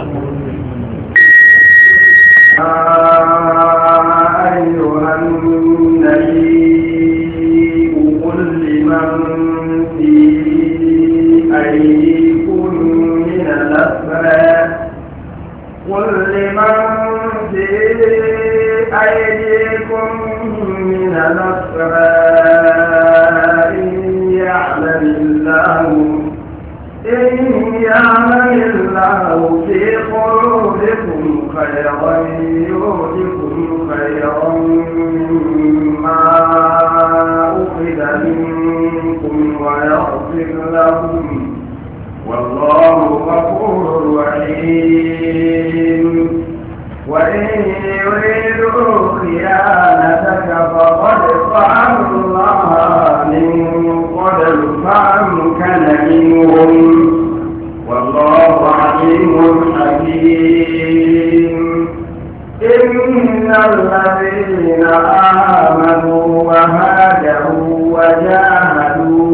أيها النبي قل لمن في أيديكم من الأسرى قل لمن في أيديكم من الأسرى إن يعلم الله إن يعلم الله في قلوبكم خيرا يؤتكم خيرا مما أخذ منكم ويغفر لكم والله غفور رحيم وإن يريدوا خيانتك فقد فعل الله من قبل فأمكن منهم والله عليم حكيم إن الذين آمنوا وهاجروا وجاهدوا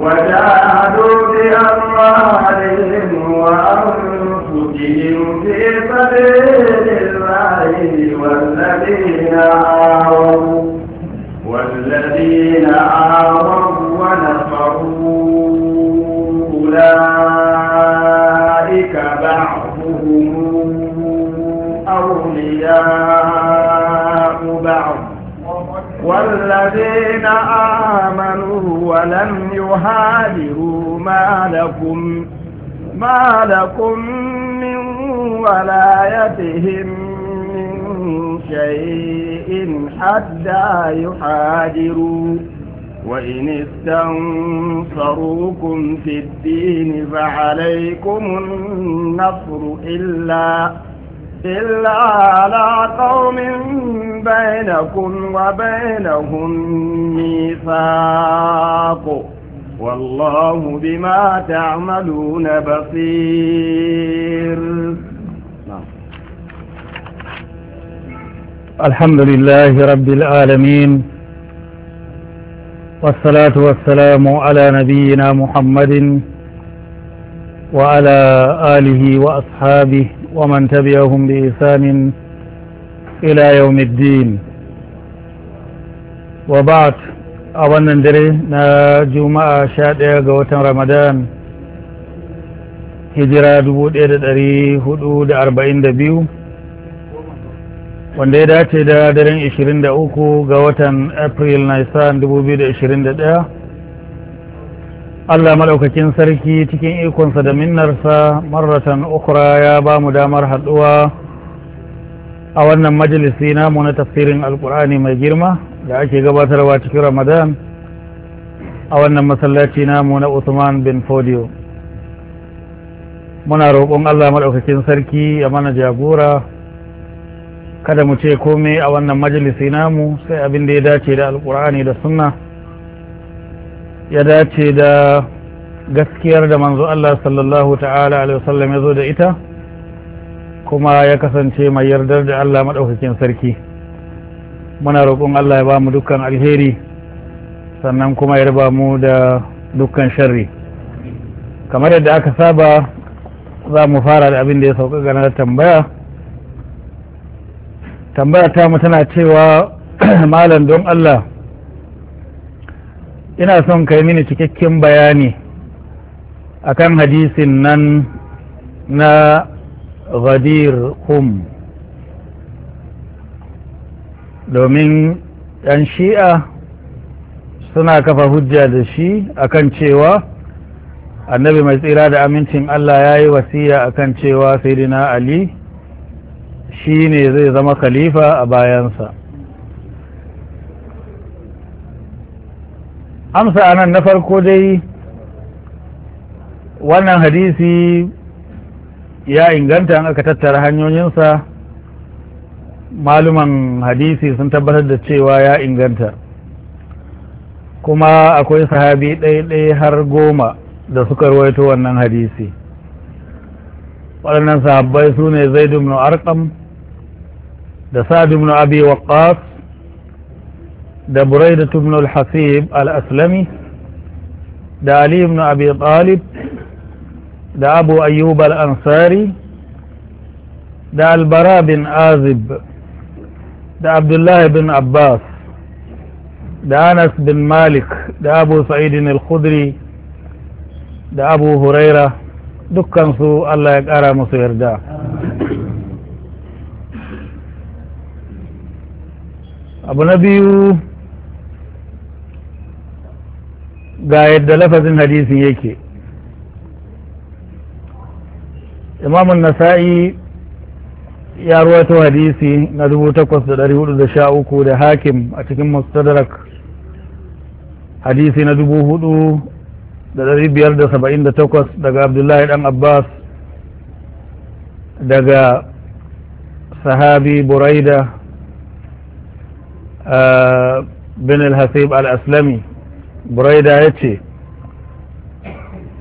وجاهدوا بأموالهم وأنفسهم في سبيل الله والذين آووا والذين آووا ونصروا أولئك بعض والذين آمنوا ولم يهاجروا ما لكم ما لكم من ولايتهم من شيء حتى يحاجروا وإن استنصروكم في الدين فعليكم النصر إلا إلا على قوم بينكم وبينهم ميثاق والله بما تعملون بصير نعم. الحمد لله رب العالمين والصلاة والسلام على نبينا محمد وعلى آله وأصحابه ومن تبعهم بإحسان إلى يوم الدين وبعد a wannan dare na juma'a sha ɗaya ga watan ramadan hijira dubu ɗaya da ɗari hudu da arba'in da biyu wanda ya dace da daren ishirin da uku ga watan april nisan dubu biyu da ishirin da ɗaya Allah maɗaukakin sarki cikin ikonsa da minnarsa maratan ukura ya ba mu damar haɗuwa a wannan majalisi namu na tafsirin alkur'ani mai girma da ake gabatarwa cikin ramadan a wannan masallaci namu na usman bin fodio muna roƙon Allah maɗaukakin sarki ya mana jagora kada mu ce komai a wannan majalisi namu sai abin da ya dace da alkur'ani da sunna ya dace da gaskiyar da manzo Allah sallallahu ta'ala alaihi wasallam ya zo da ita kuma ya kasance mai yardar da Allah maɗaukakin sarki muna roƙon Allah ya ba mu dukkan alheri sannan kuma ya raba mu da dukkan sharri kamar yadda aka saba za mu fara da abin da ya sauka gana tambaya tambaya ta mu tana cewa malam don Allah ina son kai mini cikakken bayani akan hadisin nan na ghadir hum domin ɗan shi'a suna kafa hujja da shi akan cewa annabi mai tsira da amincin Allah ya yi wasiya akan cewa saidina ali shi ne zai zama khalifa a bayansa amsa nan na farko dai wannan hadisi ya inganta an aka tattara hanyoyinsa maluman hadisi sun tabbatar da cewa ya inganta kuma akwai sahabi ɗaya-ɗaya har goma da suka ruwaito wannan hadisi waɗannan sahabbai su ne zaidu arqam da sa'ad ibn abi waqqas da buraida ibn al-hasib al-aslami da ali ibn abi talib da abu ayyub al-ansari da albara bin azib da abdullah ibn abbas da anas bin malik da abu sa'idin al-khudri da abu huraira dukkansu allah ya kara musu yarda abu na biyu ga yadda lafazin hadisin yake imamun nasa'i ya ruwaito hadisi na 8413 da hakim a cikin mustadrak hadisi na 4578 daga abdullahi dan abbas daga sahabi buraida ah, bin al-hasib al-aslami buraida ya ce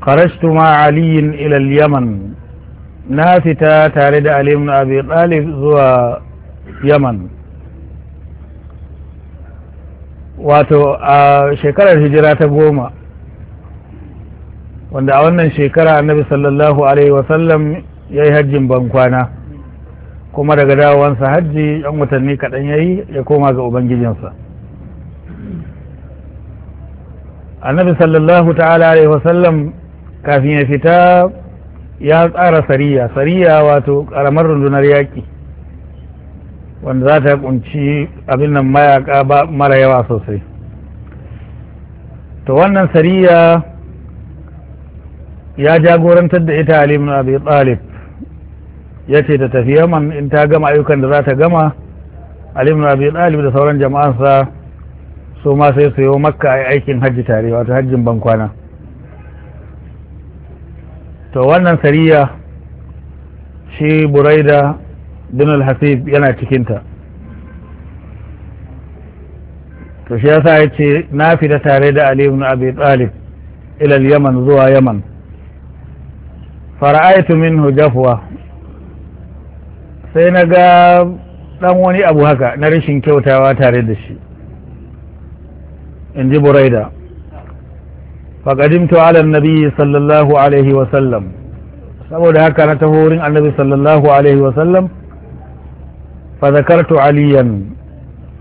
kharashtu ma aliyin ilal yaman na fita tare da ali ibn abi talib zuwa yaman wato a shekarar hijira ta goma wanda a wannan shekara annabi sallallahu alaihi wasallam ya yi hajjin bankwana kuma daga dawowansa hajji yan watanni kaɗan ya yi ya koma ga ubangijinsa annabi sallallahu ta'ala alaihi wasallam kafin ya fita ya tsara sariya sariya wato karamar rundunar yaƙi wanda za ta kunci abin nan mayaka ba mara yawa sosai to wannan sariya ya jagorantar da ita Ali ibn Abi Talib ya ce ta tafi Yaman in ta gama ayyukan da za ta gama Ali ibn Abi Talib da sauran jama'ansa su ma sai su yi makka a aikin hajji tare wato hajjin bankwana to wannan sariya shi buraida bin al-hasib yana cikinta to shi yasa ya ce na fita tare da ali ibn abi talib ilal yaman zuwa yaman fara'aitu minhu jafwa sai na ga dan wani abu haka na rashin kyautawa tare da shi in ji buraida faƙadimtu ala nabi sallallahu alaihi wasallam saboda haka na taho wurin annabi sallallahu alaihi wasallam fa aliyan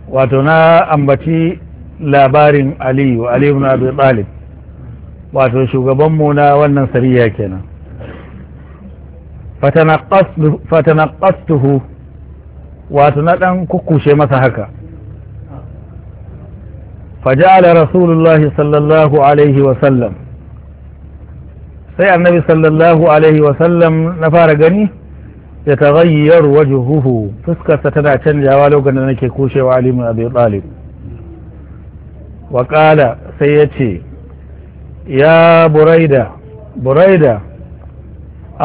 wato na ambaci labarin aliyu aliyu na abu talib wato shugabanmu na wannan sariya kenan fatanaqastuhu wato na ɗan kukushe masa haka فجعل رسول الله صلى الله عليه وسلم سي النبي صلى الله عليه وسلم نفار غني يتغير وجهه فسكة تنا تنجا ولو كان نكي كوشي وعلي من أبي طالب وقال سيتي يا بريدة بريدة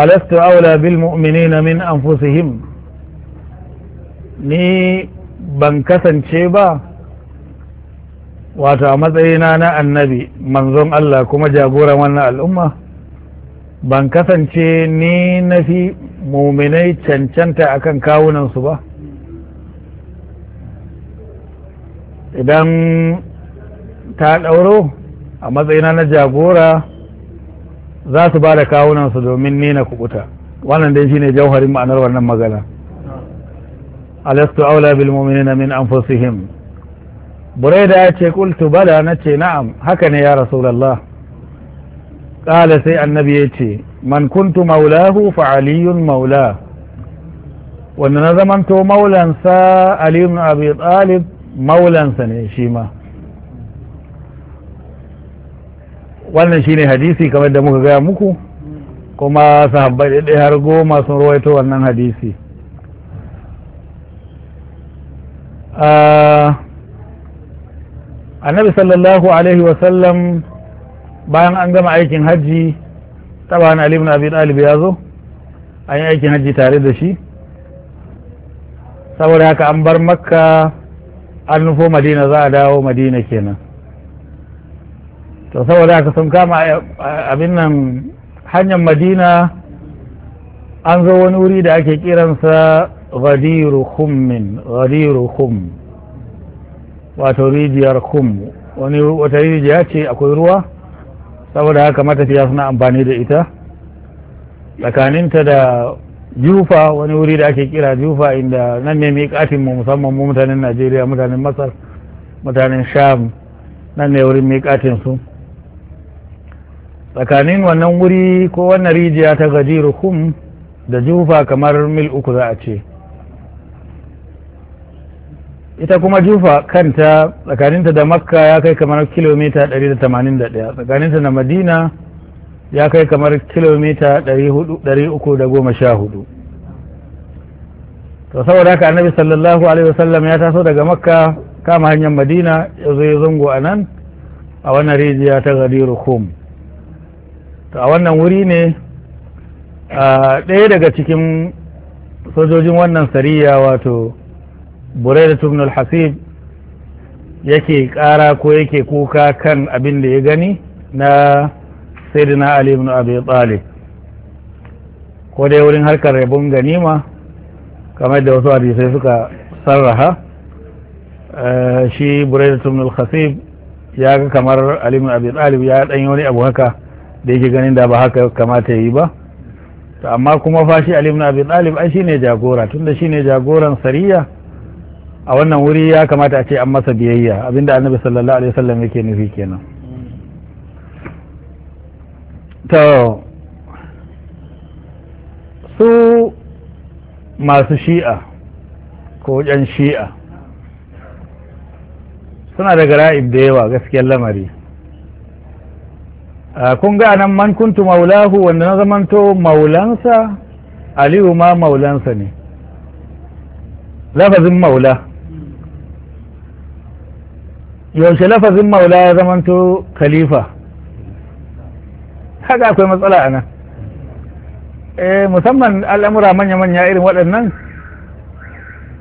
ألست أولى بالمؤمنين من أنفسهم ني ban kasance ba wato a matsayina na annabi manzon Allah kuma jagoran wannan al'umma ban kasance ni na fi muminai cancanta akan kawunansu ba idan ta ɗauro a matsayina na jagora za su ba da kawunansu domin ni na kubuta wannan dai shine jauharin ma'anar wannan magana alastu aula bil mu'minina min anfusihim buraida ya ce kultu bala na ce na'am haka ne ya lallah ƙala sai annabi ya ce man kuntu maulahu fa aliyun maula wanda na zamanto maulansa aliyun ya talib maulansa ne shi ma wannan shine hadisi kamar da muka gaya muku kuma sahabbai ɗaiɗai har goma sun rawaito wannan hadisi ah, annabi sallallahu alaihi wasallam bayan an gama aikin hajji taban ali ibn abi talib ya zo an yi aikin hajji tare da shi saboda haka an bar makka an nufo madina za a dawo madina kenan to saboda haka sun kama eh, abin nan hanyar madina an zo wani wuri da ake kiransa ghadiru khummin ghadiru khum wato rijiyar kummu wani wata rijiya ce akwai ruwa saboda haka matafiya suna amfani da ita tsakaninta da jufa wani wuri da ake kira jufa inda nan ne miƙatin mu musamman mu mutanen najeriya mutanen masar mutanen sham nan ne wurin miƙatin su tsakanin wannan wuri ko wannan rijiya ta gajiru kum da jufa kamar mil uku za a ce ita kuma jufa kanta tsakaninta da makka ya kai kamar kilomita 181 tsakaninta da madina ya kai kamar kilomita 314 to saboda haka annabi sallallahu alaihi wasallam ya taso daga makka kama hanyar madina ya zo ya zango a nan a wannan rijiya ta gadiru kum to a wannan wuri ne ɗaya daga cikin sojojin wannan sariya wato buraida ibn al yake kara ko yake kuka kan abin da ya gani na sayyidina ali ibn abi talib ko dai wurin harkar rabon ganima kamar da wasu hadisai suka sarraha eh, shi buraida ibn al ya ga kamar ali ibn abi talib ya dan wani abu haka da yake ganin da ba haka kamata yi ba amma kuma fashi ali ibn abi talib ai shine jagora tunda shine jagoran sariya a wannan wuri ya kamata a ce an masa biyayya abinda annabi sallallahu alaihi wasallam yake nufi kenan to su masu shi'a ko wajen shi'a suna da gara'ib da yawa gaskiyar lamari kun ga nan man kuntu maulahu wanda na zamanto maulansa aliyu ma maulansa ne lafazin maula yaushe lafazin maula ya zamanto khalifa haka akwai matsala a nan eh, musamman al'amura manya-manya irin waɗannan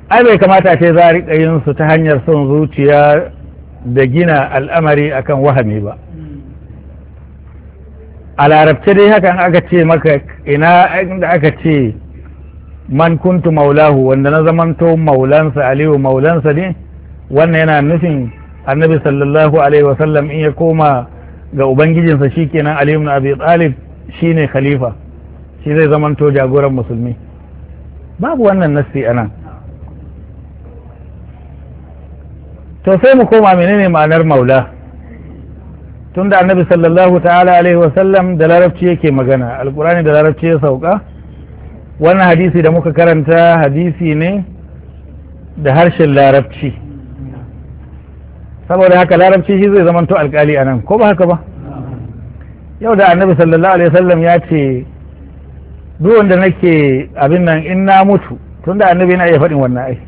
ai bai kamata ce za a riƙa yin su ta hanyar son zuciya da gina al'amari akan wahami ba a larabce dai haka aka ce maka ina inda aka ce man kuntu maulahu wanda na zamanto maulansa aliyu maulansa ne wannan yana nufin annabi sallallahu alaihi wasallam in ya koma ga ubangijinsa shikenan ali ibn abi talib shine khalifa shi zai zamanto jagoran musulmi babu wannan nassi anan to sai mu koma menene ma'anar maula tunda annabi sallallahu ta'ala alaihi wasallam da larabci yake magana alkurani da larabci ya sauka wannan hadisi da muka karanta hadisi ne da harshen larabci saboda haka larabci shi zai zamanto alkali a nan ko ba haka ba yau da annabi sallallahu alaihi wasallam ya ce duk wanda nake abin nan in na mutu tun da annabi yana iya faɗin wannan ai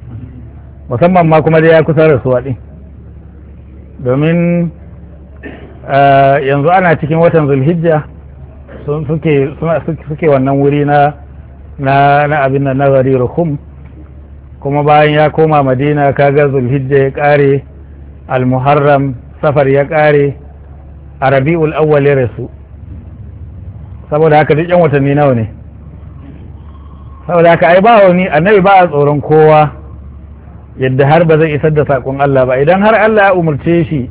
musamman ma kuma dai ya kusa rasuwa ɗin domin yanzu ana cikin watan zulhijja suke wannan wuri na na abin nan nazari rukum kuma bayan ya koma madina kaga zulhijja ya kare. almuharram safar ya ƙare a rabi'ul awwal ya rasu saboda haka duk yan watanni nawa ne saboda haka ai ba wani annabi ba a tsoron kowa yadda har ba zai isar da saƙon Allah ba idan har Allah ya umarce shi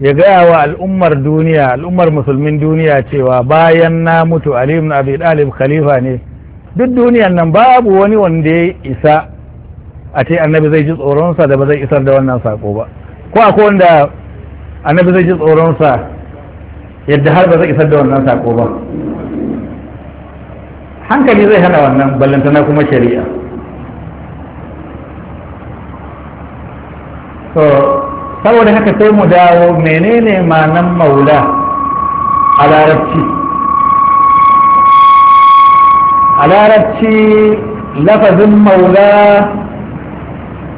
ya gaya wa al'ummar duniya al'ummar musulmin duniya cewa bayan na mutu Ali ibn Abi Talib khalifa ne duk duniyan nan babu wani wanda ya isa a ce annabi zai ji tsoronsa da ba zai isar da wannan saƙo ba ko akwai wanda annabi zai ji tsoronsa yadda har ba zai isar da wannan sako ba hankali zai hana wannan ballantana kuma shari'a so saboda haka sai mu dawo menene ma'anan maula a larabci a larabci lafazin maula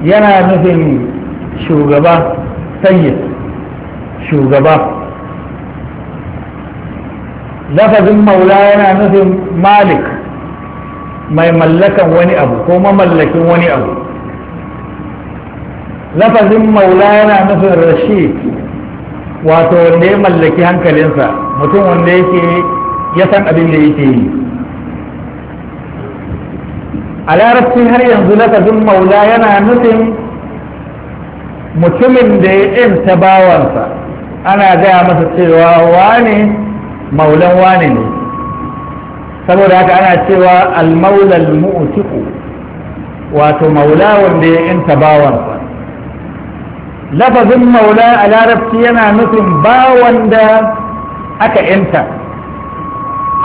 yana nufin shugaba sayyid shugaba lafazin maula yana nufin malik mai mallakan wani abu ko mamallakin wani abu lafazin maula yana nufin rashi wato wanda ya mallaki hankalinsa mutum wanda yake ya san abin da yake yi a larabci har yanzu lafazin maula yana nufin mutumin da ya ɗinta bawansa ana gaya masa cewa wane maulan wane ne saboda haka ana cewa almaulal mu'tiku wato maula wanda ya ɗinta bawansa lafazin maula a larabci yana nufin bawan da aka ɗinta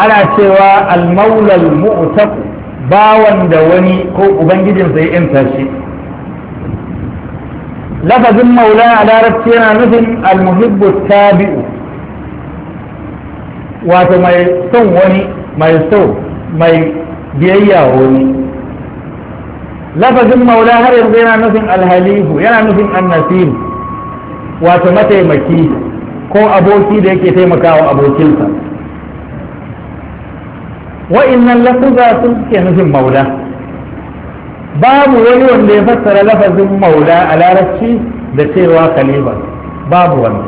ana cewa almaulal mu'taku bawan da wani ko ubangijinsa ya ɗinta shi lafazin maula a larabci yana nufin almuhibbu tabi'u wato mai son wani mai so mai biyayya wani lafazin maula har yanzu yana nufin alhalihu yana nufin annasir wato mataimaki ko aboki da yake taimakawa abokinsa wa'innan lafuza sun ke nufin maula babu wani wanda ya fassara lafazin maula a larabci da cewa Kaliba babu wani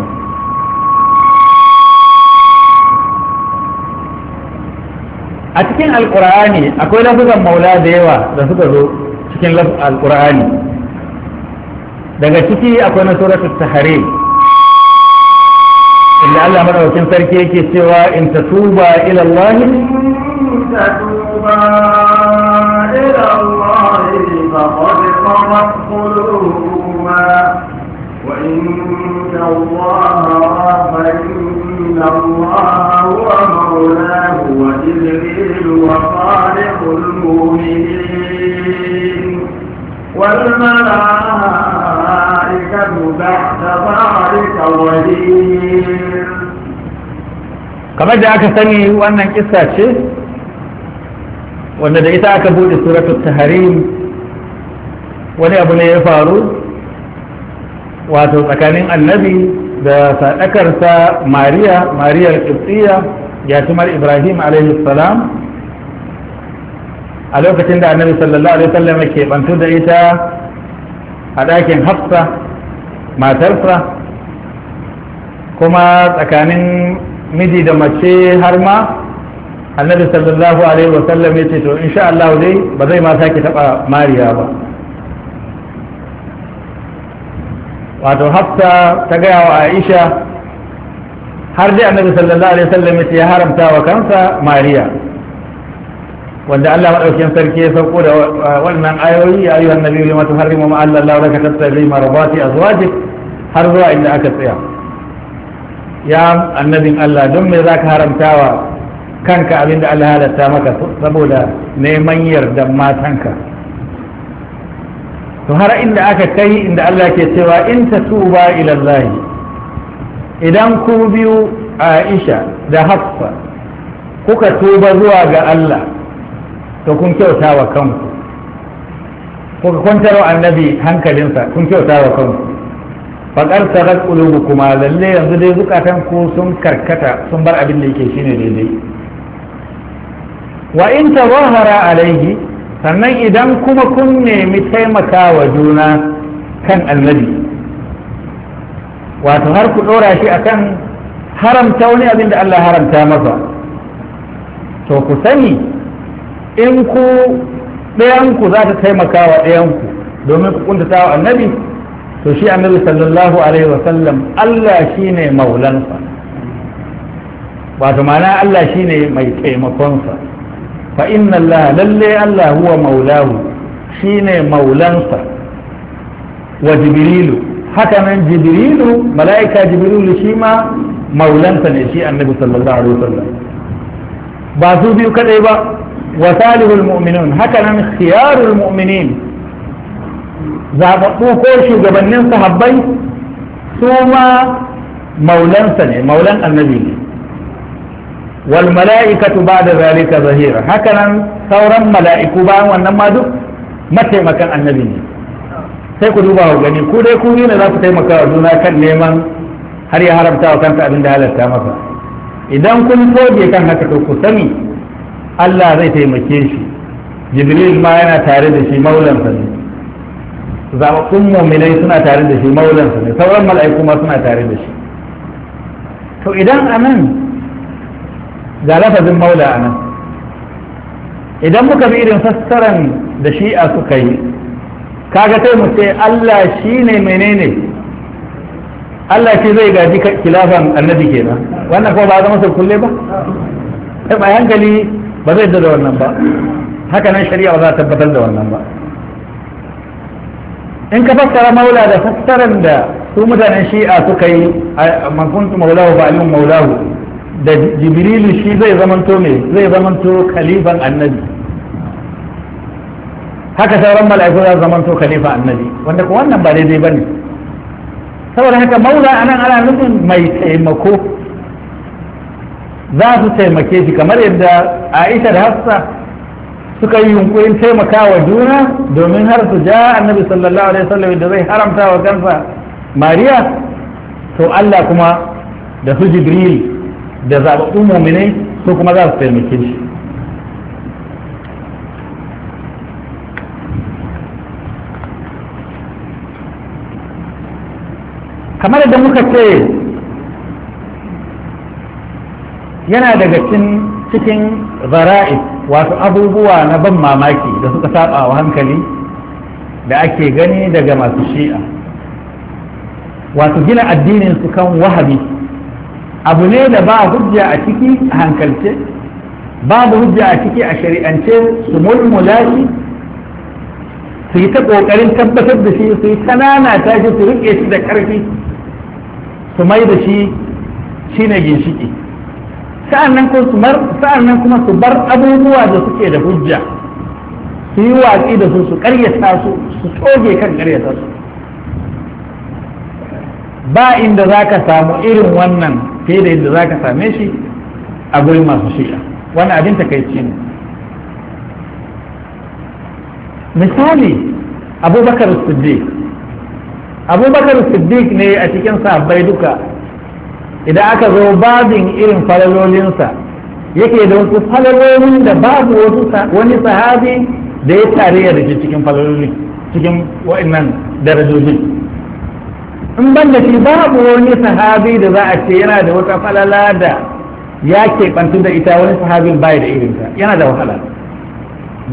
a cikin alkur'ani akwai lafazan maula da yawa da suka zo cikin alkur'ani daga ciki akwai na suratul tahrim inda Allah madaukakin sarki yake cewa in tatuba ila Allah فقد قضت قلوبهما وإن الله فإن الله هو مولاه وجبريل وصالح المؤمنين والملائكة بعد ذلك ظهير kamar da aka sani wannan kissa ce wanda da ita aka buɗe suratul tahrim wani abu ne ya faru wato tsakanin annabi da sadakarsa mariya mariyar ya yatimar ibrahim salam a lokacin da annabi sallallahu alaihi wasallam ke bantu da ita a ɗakin hafsa matarsa kuma tsakanin miji da mace har ma annabi sallallahu alaihi wasallam ya ce to insha Allah dai ba zai ma sake taɓa mariya ba wato hafsa ta gaya wa aisha har dai annabi sallallahu alaihi wasallam ya haramta wa kansa mariya wanda Allah madaukakin sarki ya sauko da uh, wannan ayoyi ya ayyuhan nabiyyu lima tuharrimu ma Allah la raka tattabi marzati azwajik har zuwa inda aka tsaya ya annabin Allah don me zaka haramtawa kanka abinda Allah ya halatta maka saboda neman yardan matanka to har inda aka kai inda Allah ke cewa in ta tuba ilallahi idan ku biyu Aisha da Hafsa kuka tuba zuwa ga Allah to kun kyauta wa kanku kuka kwantar annabi hankalinsa kun kyauta wa kanku faƙar sarar ƙulubu kuma lalle yanzu dai zukatan ku sun karkata sun bar abin da yake shine daidai wa in zahara alaihi sannan idan kuma kun nemi taimaka wa juna kan annabi wato har ku ɗora shi akan haramta wani abin da Allah haramta masa to ku sani in ku ɗayanku za ta taimaka wa ɗayanku domin ku kuntata wa annabi to shi annabi sallallahu alaihi wasallam Allah shi ne maulansa wato ma'ana Allah shi ne mai taimakonsa fa inna Allah lalle Allah huwa maulahu shine maulansa wa jibrilu haka nan jibrilu mala'ika jibrilu shi ma maulansa ne shi annabi sallallahu alaihi wasallam ba su biyu kadai ba wa salihul mu'minun haka nan khiyarul mu'minin zaɓaɓɓu ko shugabannin sahabbai su ma maulansa ne maulan annabi ne wal mala'ikatu ba'da zarika zahira hakanan sauran mala'iku bayan wannan ma mataimakan annabi ne sai ku duba ku gani ku dai ku ne za ku taimaka wa juna kan neman har ya haramta wa kanta abin da halatta masa idan kun toge kan haka to ku sani Allah zai taimake shi jibril ma yana tare da shi maulansa ne zaɓaɓɓun muminai suna tare da shi maulansa ne sauran mala'iku ma suna tare da shi to idan a ga lafazin maula a nan idan muka bi irin fassaran da shi'a suka yi kaga kai mu ce Allah shi ne menene Allah shi zai gaji kilafan annabi kenan wannan ko ba a zama kulle ba sai ba hankali ba zai da wannan ba haka nan shari'a ba za ta tabbatar da wannan ba in ka fassara maula da fassaran da su mutanen shi'a suka yi man kuntu maulahu fa alimun maulahu da jibrilu shi zai zamanto me zai zamanto khalifan annabi haka sauran mala'iku za su zamanto khalifa annabi wanda ko wannan ba daidai ne saboda haka maula anan ana nufin mai taimako za su taimake shi kamar yadda Aisha da Hafsa suka yi yunkurin taimakawa juna domin har su ja annabi sallallahu alaihi wasallam da zai haramta wa kansa Mariya to Allah kuma da su Jibril da zaɓaɓɓun muminai ko kuma za su taimake shi kamar da muka ce yana daga cikin zara'i wasu abubuwa na ban mamaki da suka saba wa hankali da ake gani daga masu shi'a wasu gina addinin su kan wahabi abu ne da ba hujja a ciki a hankalce babu hujja a ciki a shari'ance su mulmula shi su yi ta ƙoƙarin tabbatar da shi su yi kanana ta shi su riƙe shi da ƙarfi su mai da shi shi na ginshiƙi nan kuma su bar abubuwa da suke da hujja su yi watsi da su su ƙaryata su su toge kan ƙaryata su ba inda za ka samu irin wannan fiye da inda za ka same shi a gurin masu shi'a wani abin takaici ne misali abubakar siddiq abubakar siddiq ne a cikin sabbai duka idan aka zo babin irin falalolinsa yake da wasu falalolin da babu wani sahabi da ya tare da cikin falalolin cikin wa'annan darajojin in ban da shi babu wani sahabi da za a ce yana da wata falala da ya ke bantu da ita wani sahabin bai da irinta yana da wahala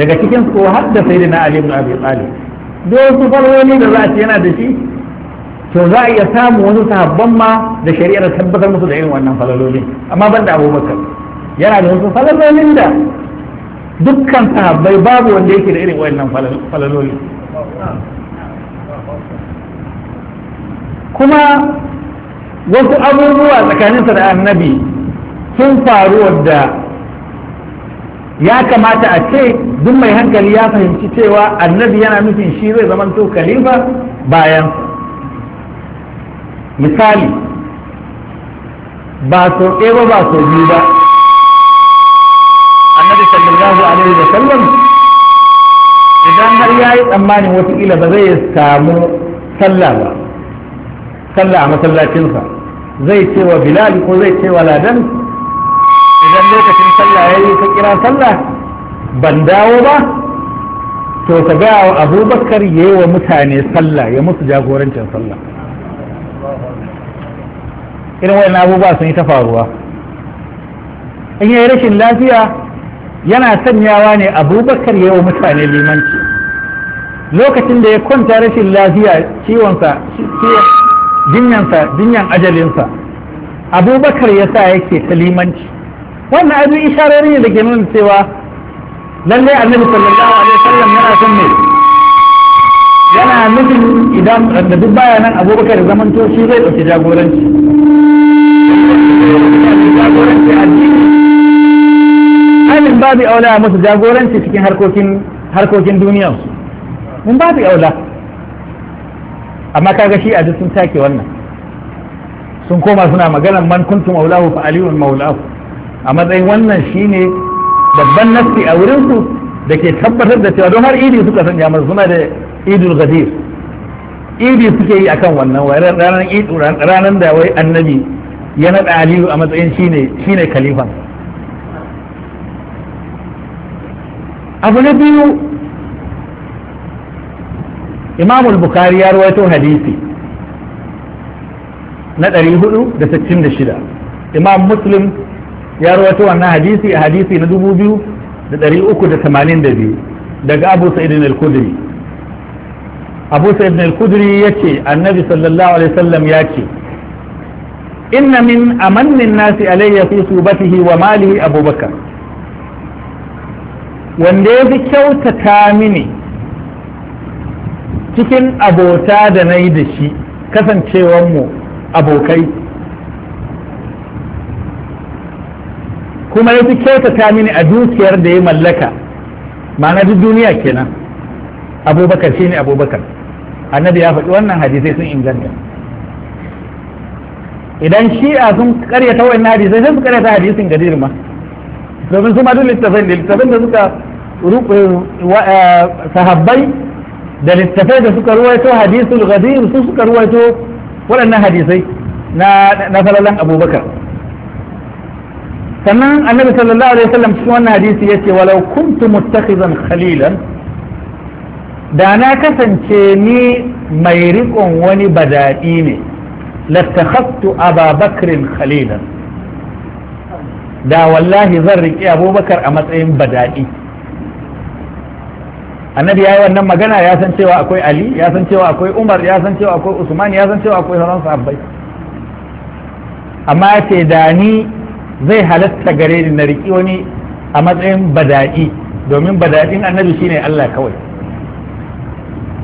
daga cikin ko har da sai na Ali ibn Abi Talib da wasu faloli da za a ce yana da shi to za a iya samu wani sahabban ma da shari'ar tabbatar musu da irin wannan falalolin amma ban da Abubakar yana da wasu falalolin da dukkan sahabbai babu wanda yake da irin wannan falalolin kuma wasu abubuwa tsakaninsa da annabi sun faru wadda ya kamata a ce duk mai hankali ya fahimci cewa annabi yana nufin shi zai zamanto khalifa bayan misali ba so ɗaya ba ba so biyu ba annabi sallallahu alaihi wa sallam idan har ya yi tsammanin wataƙila ba zai samu sallah ba sallah a masallacinsa zai ce wa bilal ko zai ce wa ladan idan lokacin sallah ya yi ka kira sallah ban dawo ba to ka gaya wa abubakar ya yi wa mutane sallah ya musu jagorancin sallah irin wani abubuwa sun yi ta faruwa in yi rashin lafiya yana sanyawa ne abubakar ya yi wa mutane limanci lokacin da ya kwanta rashin lafiya ciwonsa ciwon dinyansa dinyan ajalinsa abubakar ya sa yake kalimanci wannan abin isharori ne da ke nuna cewa lallai annabi sallallahu alaihi wasallam yana son ne yana nufin idan da duk baya nan abubakar zaman zamanto shi zai ɗauki jagoranci jagoranci alin babu aula masu jagoranci cikin harkokin harkokin duniya mun babu aula amma kaga shi a duk sun take wannan sun koma suna maganar man kuntum maulahu fa aliyun maulahu a matsayin wannan shine babban nasti a wurin su da ke tabbatar da cewa don har idi suka sanya masa suna da idul ghadir idi suke yi akan wannan wai ranar da wai annabi ya naɗa aliyu a matsayin shine shine khalifa abu na biyu imam al-bukhari ya rawaito hadisi na 466 imam muslim ya rawaito wannan hadisi a hadisi na 2382 daga abu sa'idin al-kudri abu sa'idin al-kudri ya ce annabi sallallahu alaihi wasallam ya ce inna min amannin nasi alayya fi subatihi wa malihi abubakar wanda ya fi kyautata mini cikin abota da na yi da shi kasancewanmu abokai kuma ya fi kyautata mini a dukiyar da ya mallaka ma'ana duk duniya kenan abubakar shi ne abubakar annabi ya faɗi wannan hadisai sun inganta idan shi'a sun karyata wannan hadisai sai su karyata hadisin gadir ma domin su ma duk littafin da littafin da suka eh, sahabbai da littafai da suka ruwaito hadisul ghadir su suka ruwaito waɗannan hadisai na na abubakar sannan annabi sallallahu alaihi wasallam cikin wannan hadisi yace walau kuntu muttakhizan khalilan da na kasance ni mai riƙon wani badaɗi ne lattakhattu ababakrin khalilan da wallahi zan riƙe abubakar a matsayin badaɗi. annabi ya yi wannan magana ya san cewa akwai ali ya san cewa akwai umar ya san cewa akwai usman ya san cewa akwai sauran sahabbai amma ya ce da ni zai halatta gare ni na riƙi wani a matsayin bada'i domin bada'in annabi shine Allah kawai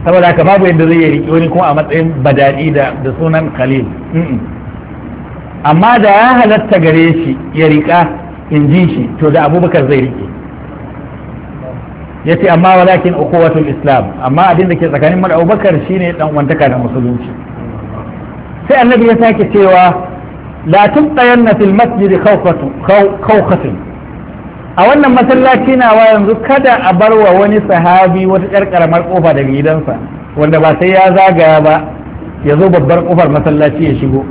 saboda haka babu yadda zai riƙi wani kuma a matsayin bada'i da da sunan khalil amma da ya halatta gare shi ya riƙa in ji shi to da abubakar zai riƙe ya ce amma walakin ukuwatul islam amma abin da ke tsakanin mara abubakar shine dan wantaka da musulunci sai annabi ya sake cewa la tubtayanna fil masjid khawqatun a wannan masallaci nawa yanzu kada a bar wa wani sahabi wata ƴar karamar kofa daga gidansa wanda ba sai ya zagaya ba ya zo babbar kofar masallaci ya shigo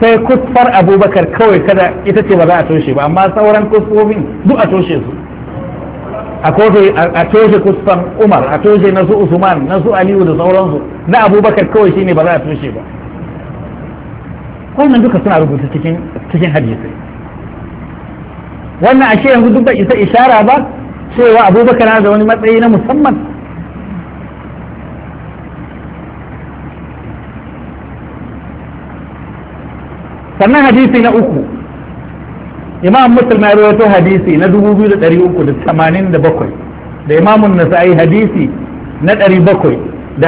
sai kusfar abubakar kawai kada ita ce ba za a toshe ba amma sauran kusfofin duk a toshe su a kofe toshe kusan umar a toshe na su usman na su aliyu da sauransu na abubakar kawai shine ba za a toshe ba wannan duka suna rubuta cikin hadisi wannan ashe yanzu duk ba isa ishara ba cewa abubakar na da wani matsayi na musamman sannan hadisi na uku imam muslim ya rawaito hadisi na 2387 da imam nasa'i hadisi na 700 da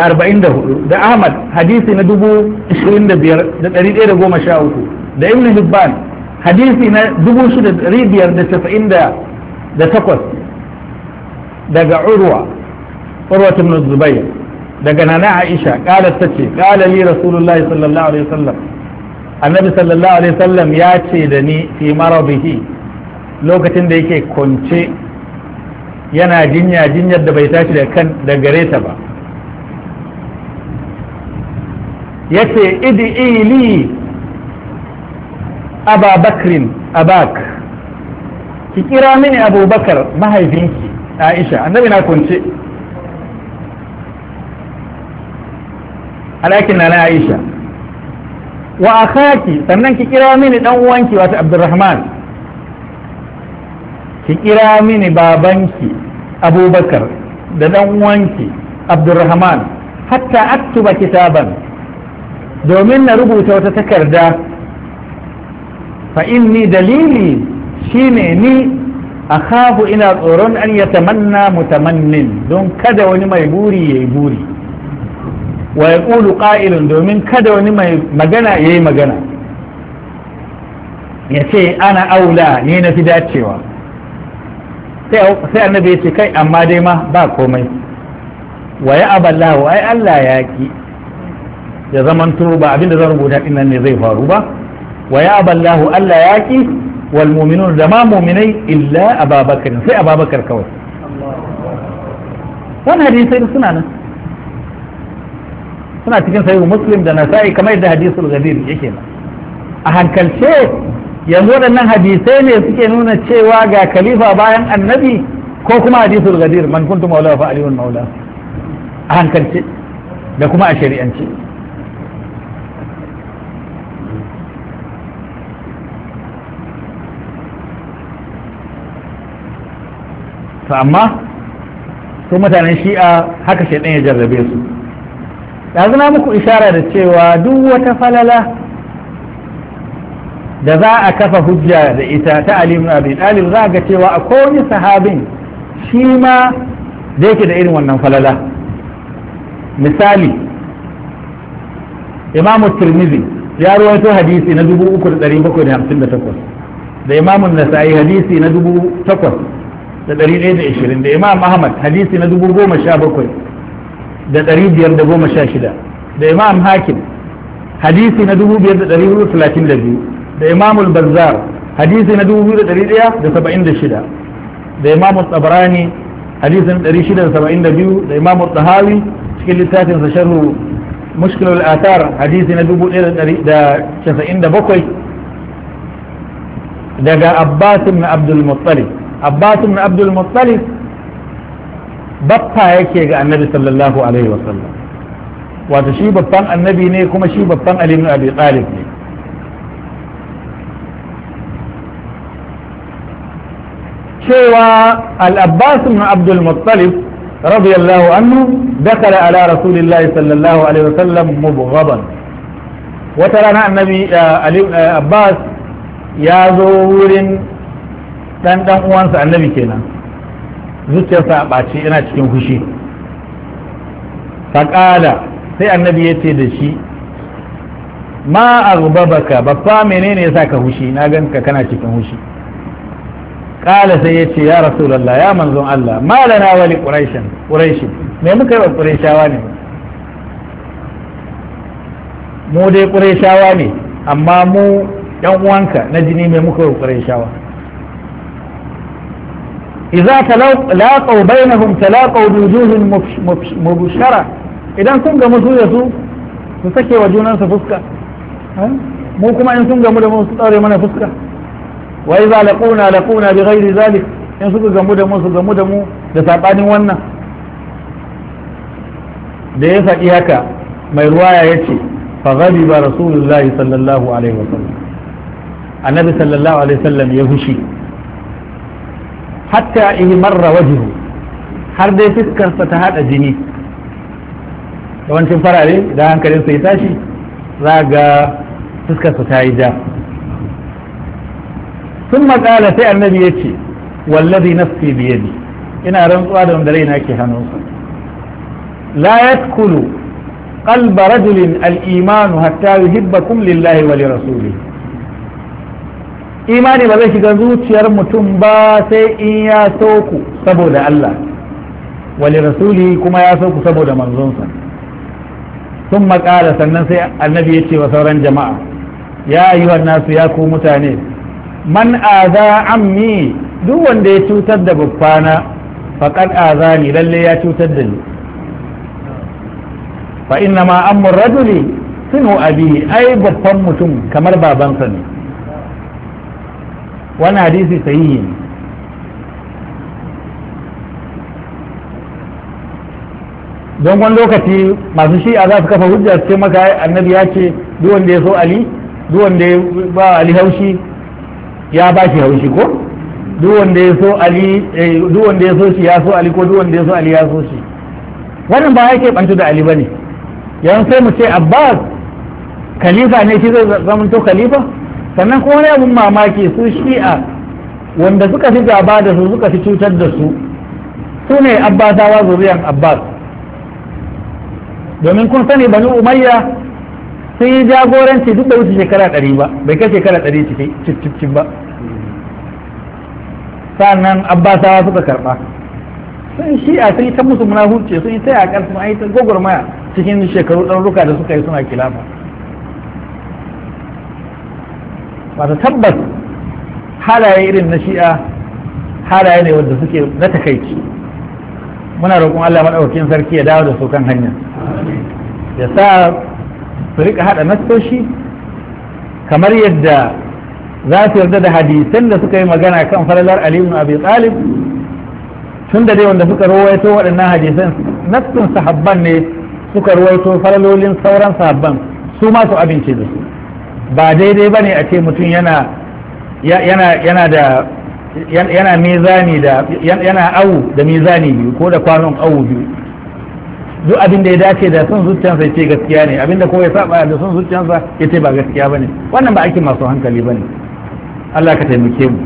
da ahmad hadisi na 25113 da ibn hibban hadisi na 6598 daga urwa urwa ibn zubayr daga nana aisha qalat tace qala li rasulullahi sallallahu alaihi wasallam annabi sallallahu alaihi wasallam ya ce da ni fi maradihi lokacin da yake kwance yana jinya jinyar da bai tashi da kan da gare ta ba ya yace idi ili aba bakrin abak ki kira mini abubakar mahaifinki aisha annabi na kwance alakin na na aisha wa akhaki sannan ki kira mini dan uwanki wato Abdulrahman ki kira mini babanki Abubakar da dan uwanki Abdurrahman hatta aktuba kitaban domin na rubuta wata takarda fa inni dalili shine ni akhafu ina tsoron an yatamanna mutamannin don kada wani mai buri yayi buri wa ya ƙulu ƙa'ilin domin kada wani mai magana ya yi magana ya ce ana aula ne na fi dacewa sai annabi ya ce kai amma dai ma ba komai wa ya aballahu ai Allah ya ki ya zamanto ba abinda zan rubuta din nan ne zai faru ba wa ya aballahu Allah ya ki wal mu'minun da ma mu'minai illa ababakar sai ababakar kawai wannan hadisi suna nan suna cikin sahihu muslim da nasa'i kamar yadda hadisul gabir yake nan a hankalce yanzu waɗannan hadisai ne suke nuna cewa ga khalifa bayan annabi ko kuma hadisul gabir man kuntu maula fa aliyun maula a hankalce da kuma a shari'ance to amma su mutanen shi'a haka shaidan ya jarrabe su yanzu na muku ishara da cewa duk wata falala da za a kafa hujja da ita ta alimin abin ɗalib za ga cewa a kowane sahabin shi ma da yake da irin wannan falala misali imamu tirmizi ya ruwaito hadisi na 3758 da imamu nasa'i hadisi na 8000 da 120 da imam ahmad hadisi na 10700 da ɗari biyar da goma sha shida da imam hakim hadisi na dubu biyar da ɗari hudu talatin da biyu da imam bazzar hadisi na dubu biyu da ɗari ɗaya da saba'in da shida da imam tsabarani hadisi na ɗari shida da saba'in da biyu da imam tsahawi cikin littafin sa sharhu mushkilul atar hadisi na dubu ɗaya da casa'in da bakwai daga abbasin na abdul muttalib abbas na abdul muttalib baffa yake ga annabi sallallahu alaihi wasallam wato shi babban annabi ne kuma shi babban ali ibn abi talib ne cewa al-abbas ibn abdul muttalib radiyallahu anhu dakala ala rasulillahi sallallahu alaihi wasallam mubghadan wata rana annabi eh, eh, abbas ya zo wurin dan dan uwansa annabi kenan zuciyarsa a ɓace yana cikin fushi faƙala sai annabi ya ce da shi ma a baka babba menene ya sa ka hushi na gan ka kana cikin hushi ƙala sai ya ce ya lalla ya manzon Allah ma na wali quraishin me muka yi wa ne mu dai quraishawa ne amma mu yan uwanka na jini me muka yi wa إذا تلاقوا بينهم تلاقوا بوجوه مبشرة إذا كنت مسؤولة تسكي وجونا فسكة mu kuma in sun gamu da su tsare mana fuska wa iza laquna laquna bi ghairi zalik in suka gamu da su gamu da da sabanin wannan da ya faɗi haka mai ruwaya yace fa ghadiba rasulullahi sallallahu alaihi sallallahu alaihi ya hushi hatta ihi marra wajihu har dai fuskarsa ta hada jini yawancin farare idan hankalinsa ya tashi za ga fuskarsa ta yi ja sun matsala sai annabi ya ce wallazi nafsi biyadi ina rantsuwa da wanda raina ke hannunsa la yadkulu qalba rajulin al-imanu hatta yuhibbakum lillahi wa li rasulihi imani ba zai shiga zuciyar mutum ba sai in ya so ku saboda Allah wali rasuli kuma ya so ku saboda manzonsa sun makara sannan sai annabi ya ce wa sauran jama'a ya yi nasu ya ku mutane man aza ammi duk wanda ya cutar da babbana faƙar aza ni lalle ya cutar da ni fa inna ma amur rajuli sinu abi ai babban mutum kamar babansa ne wani hadisi sahihi ne don wani lokaci masu shi'a za su kafa hujja su ce maka annabi ya ce duk ya so ali duk ya ba ali haushi ya ba shi haushi ko duk ya so ali eh, ya so shi ya so ali ko duk ya so ali ya so shi wannan ba yake bantu da ali bane yanzu sai mu ce abbas khalifa ne shi zai zama to khalifa sannan kuma wani abun mamaki su shi'a wanda suka fi gaba da su suka fi cutar da su su ne abbasawa zuriyan abbas domin kun sani bani umayya sun yi jagoranci duk da wuce shekara ɗari ba bai kai shekara ɗari cikin ba sannan abbasawa suka karɓa sun shi'a sun yi ta musu munahurce sun yi ta yaƙar sun yi ta gwagwarmaya cikin shekaru ɗaruruka da suka yi suna kilafa masu tabbas halaye irin na shi'a halaye ne wanda suke na takaici muna roƙon Allah maɗaukakin sarki ya dawo da su kan hanya ya sa su rika haɗa nassoshi kamar yadda za su yarda da hadisan da suka yi magana kan falalar Ali ibn Abi Talib tun da dai wanda suka rawaito waɗannan hadisan nassun sahabban ne suka rawaito falalolin sauran sahabban su masu su abinci da su ba daidai ba ne a ce mutum yana yana da yana mizani da yana awu da mizani biyu ko da kwanon awu biyu duk abin da ya dace da son zuciyarsa ya ce gaskiya ne abin da kuma ya saba da son zuciyarsa ya ce ba gaskiya ba ne wannan ba ake masu hankali ba ne Allah ka taimake mu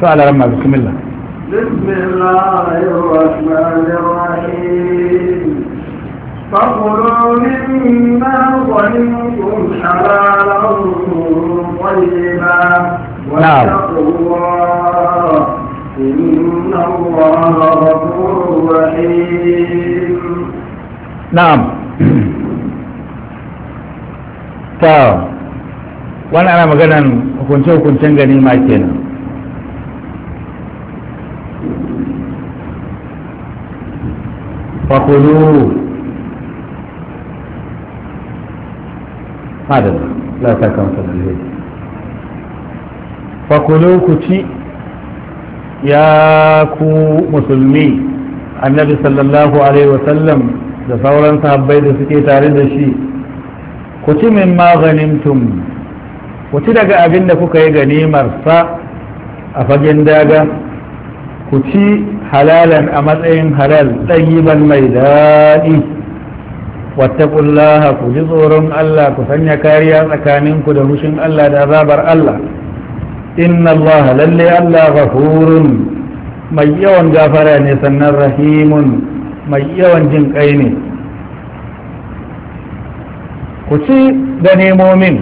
sa alaramma rahma bismillah بسم الله الرحمن فكلوا مما ظلمتم حلالا طيبا واتقوا الله إن الله غفور رحيم نعم ta wani ana maganan hukunce-hukuncen ganima kenan fakulu madalla la ta kan sa dalili fa ku ci ya ku musulmi annabi sallallahu alaihi da sauran sahabbai da suke tare da shi ku ci min maganimtum ku ci daga abin da kuka yi ganimar sa a fagen daga ku ci halalan a matsayin halal ɗayiban mai daɗi واتقوا الله كجزور الله كفن كاريا سكانين كدهوشن الله دعذابر الله إن الله للي الله غفور من يوان غافراني سنة رحيم من يوان جنقيني كتي دني مؤمن